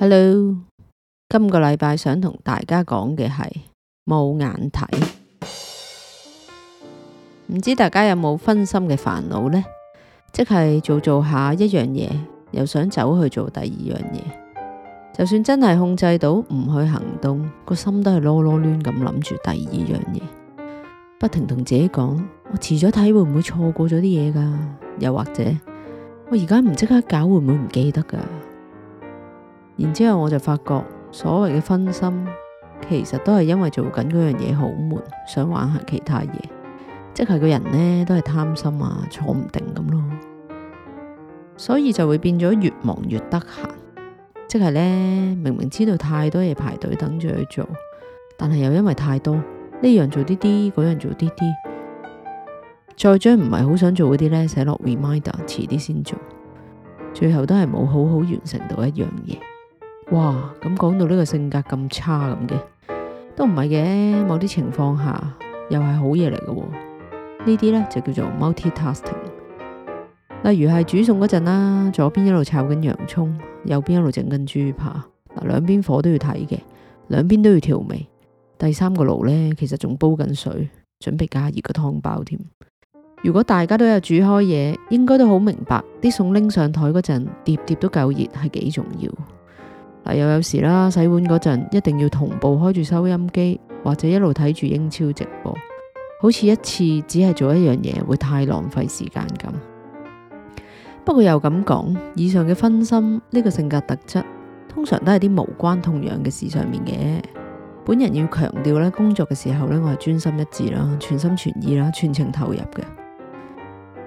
Hello，今個禮拜想同大家講嘅係冇眼睇，唔知大家有冇分心嘅煩惱呢？即係做做下一樣嘢，又想走去做第二樣嘢。就算真係控制到唔去行動，個心都係囉囉攣咁諗住第二樣嘢，不停同自己講：我遲咗睇會唔會錯過咗啲嘢噶？又或者？我而家唔即刻搞會唔會唔記得㗎？然之後我就發覺，所謂嘅分心，其實都係因為做緊嗰樣嘢好悶，想玩下其他嘢，即係個人呢都係貪心啊，坐唔定咁咯，所以就會變咗越忙越得閒，即係呢，明明知道太多嘢排隊等住去做，但係又因為太多，呢樣做啲啲，嗰樣做啲啲。再將唔係好想做嗰啲咧寫落 reminder，遲啲先做。最後都係冇好好完成到一樣嘢。哇，咁講到呢個性格咁差咁嘅，都唔係嘅。某啲情況下又係好嘢嚟嘅喎。呢啲咧就叫做 multi-tasking。例如係煮餸嗰陣啦，左邊一路炒緊洋葱，右邊一路整緊豬扒。嗱，兩邊火都要睇嘅，兩邊都要調味。第三個爐咧其實仲煲緊水，準備加熱個湯包添。如果大家都有煮開嘢，應該都好明白啲餸拎上台嗰陣，碟碟都夠熱係幾重要嗱。又有時啦，洗碗嗰陣一定要同步開住收音機，或者一路睇住英超直播，好似一次只係做一樣嘢會太浪費時間咁。不過又咁講，以上嘅分心呢個性格特質，通常都係啲無關痛癢嘅事上面嘅。本人要強調咧，工作嘅時候咧，我係專心一致啦，全心全意啦，全情投入嘅。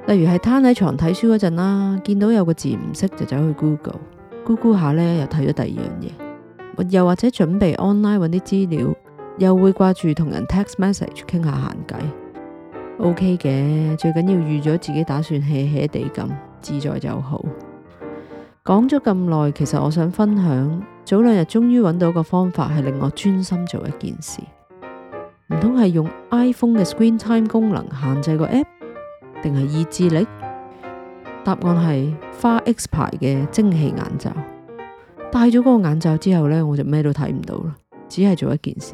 例如係攤喺床睇書嗰陣啦，見到有個字唔識就走去 Google，Google 下呢又睇咗第二樣嘢，又或者準備 online 搵啲資料，又會掛住同人 text message 傾下閒偈。OK 嘅，最緊要預咗自己打算 hea hea 地咁自在就好。講咗咁耐，其實我想分享，早兩日終於搵到個方法係令我專心做一件事，唔通係用 iPhone 嘅 Screen Time 功能限制個 app？定係意志力？答案係花 X 牌嘅蒸汽眼罩。戴咗嗰個眼罩之後呢，我就咩都睇唔到啦，只係做一件事，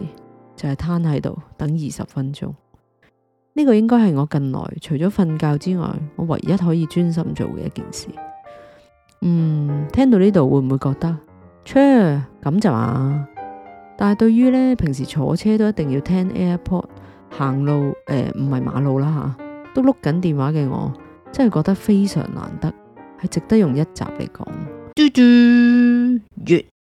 就係攤喺度等二十分鐘。呢個應該係我近來除咗瞓覺之外，我唯一可以專心做嘅一件事。嗯，聽到呢度會唔會覺得，chur 咁就啊？但係對於呢平時坐車都一定要聽 AirPod，行路誒，唔係馬路啦吓。都碌緊電話嘅我，真係覺得非常難得，係值得用一集嚟講。嘟嘟月。